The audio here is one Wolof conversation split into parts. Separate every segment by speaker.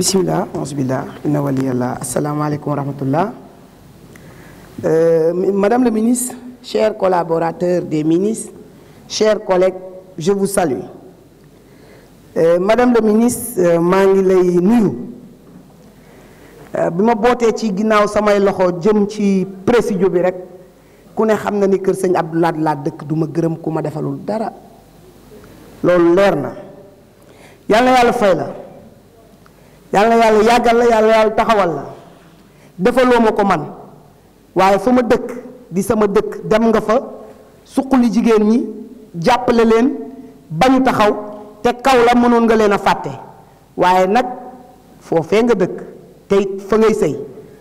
Speaker 1: bisimilah onze billah inna waliyallah asalaamaaleykum wa rahmatullah euh, madame la ministre chers collaborateurs des ministres chers collègues je vous salue euh, madame la ministre euh, maa ngi lay nuyu bi ma bootee ci ginnaaw samay loxo jëm ci présidio bi rek ku ne xam na ni kër sëñ Abdou Lahad laa dëkk du ma gërëm ku ma defalul dara loolu leer na yàlla yàlla fay la yàlla yàlla yàggal la yàlla yàlla taxawal la defaloo ma ko man waaye fa ma dëkk di sama dëkk dem nga fa suqali jigéen ñi jàppale leen bañu taxaw te kaw la mënoon nga leen a fàtte waaye nag foofee nga dëkk te fa ngay sëy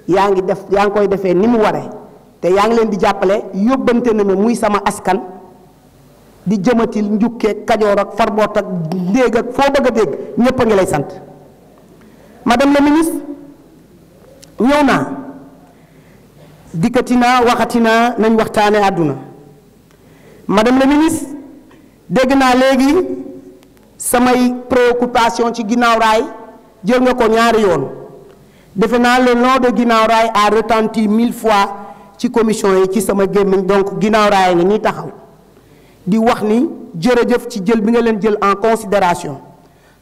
Speaker 1: yaa ngi def yaa ngi koy defee ni mu waree te yaa ngi leen di jàppale yóbbante na ma muy sama askan di jëmatil njukkee kajoor ak farboot ak ndéeg ak foo bëgg a dégg ñépp a ngi lay sant madame la ministre ñëw naa dikkati naa waxati naa nañ waxtaane àdduna madame la ministre dégg naa léegi samay préoccupation ci ginnaaw raay jël nga ko ñaari yoonu defe naa le nom de ginnaaw raay a retenti mille fois ci commission yi ci sama gémmiñ donc ginnaaw raay nga ñuy taxaw di wax ni jërëjëf ci jël bi nga leen jël en considération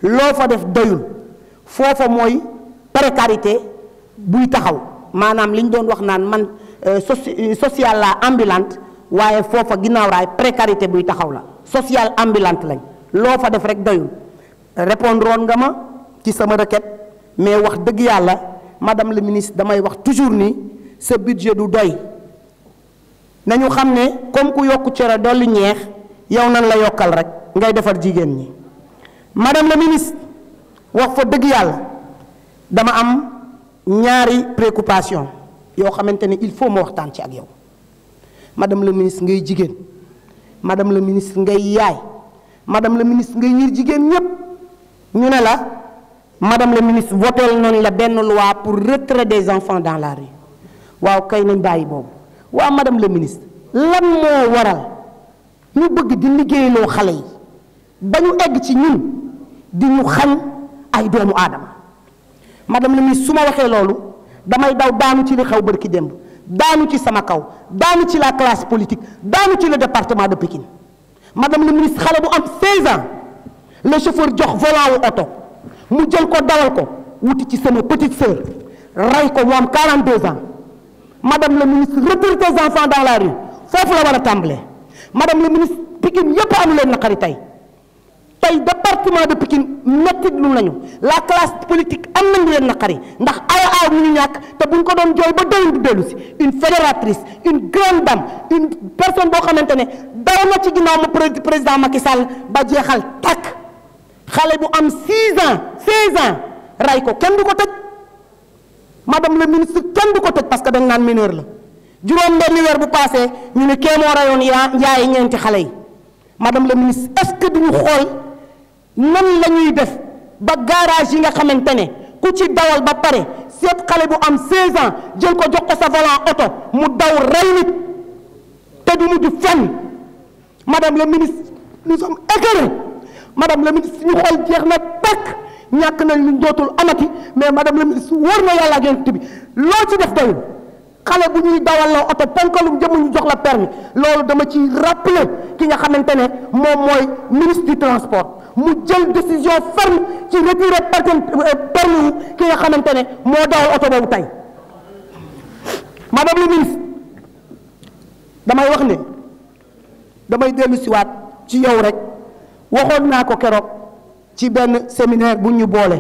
Speaker 1: loo fa def doyul foofa mooy précarité buy taxaw maanaam li ñu doon wax naan man euh, euh, social la ambulante waaye foofa ginnaaw raay précarité buy taxaw la social ambulante lañ loo fa def rek doyul répondre woon nga ma ci sama requête mais wax dëgg yàlla madame le ministre damay wax toujours ni sa budget du doy nañu xam ne comme ku yokk cere dolli ñeex yow nañ la yokkal rek ngay defar jigéen ñi madame la ministre wax fa dëgg yàlla dama am ñaari préoccupation yoo xamante ne il faut ma waxtaan ci ak yow madame la ministre ngay jigéen madame la ministre ngay yaay madame la ministre ngay yiir jigéen ñépp ñu ne la madame la ministre votel noonu la benn loi pour retrait des enfants dans la rue waaw kay nañ bàyyi boobu waaw madame la ministre lan moo waral ñu bëgg di liggéeyloo xale yi ba ñu egg ci ñun di ñu xañ ay doomu aadama madame la ministre su ma waxee loolu damay daw daanu ci li xew bërki démb daanu ci sama kaw daanu ci la classe politique daanu ci le département de Pikine madame la ministre xale bu am 16 ans le chauffeur jox volant mu jël ko dawal ko wuti ci sama petite sœur rey ko mu am 42 ans madame la ministre retirer tes enfants dans la rue foofu la war a tàmbalee madame la ministre Pikine yépp amu leen naqari tey tey département de Pikine métti lu nañu la classe politique am nañu leen naqari ndax ay aaw mu ñu ñàkk te buñ ko doon jooy ba doyul du dellu si une fédératrice une grande dame une personne boo xamante ne daw na ci ginnaaw mu président Macky Sall ba jeexal takk xale bu am 6 ans 16 ans ray ko kenn du ko tëj madame le ministre kenn du ko tëj parce que dañ naan mineur la juróom benni weer bu passé ñu ne kee moo rayoon yaa njaaye ñeenti xale yi madame le ministre est-ce nan la ñuy def ba garage yi nga xamante ne ku ci dawal ba pare seet xale bu am 16 ans jël ko jox ko sa volant oto mu daw rey nit te du mujj fenn madame la ministre nous sommes écœurés madame la ministre suñu xol jeex na takk ñàkk nañ lu dootul amati mais madame la ministre war na yàlla ak yonent bi loo ci def doyul xale bu ñuy dawal la oto ponkalum jëm ñu jox la permis loolu dama ci rappeler ki nga xamante ne moom mooy ministre du transport mu jël décision ferme ci retirer permis wu ki nga xamante ne moo dawal oto boobu tey madame le ministre damay wax ne damay dellu siwaat ci yow rek waxoon naa ko keroog ci benn séminaire bu ñu boole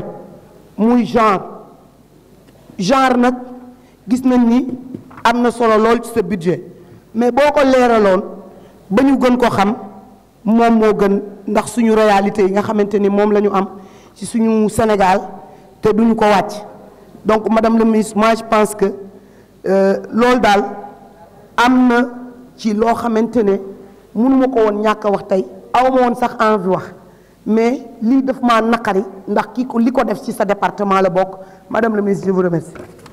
Speaker 1: muy genre genre nag gis nañ ni am na solo lool ci sa budget mais boo ko leeraloon ba ñu gën ko xam moom moo gën ndax suñu réalité yi nga xamante ni moom la ñu am ci suñu Sénégal te duñu ko wàcc donc madame la ministre moi je pense que euh, loolu daal am na ci loo xamante ne mënuma ko woon ñàkk wax tey aw ma woon sax envie wax mais lii daf maa naqari ndax kii ko li ko def ci sa département la bokk madame la ministre je vous remercie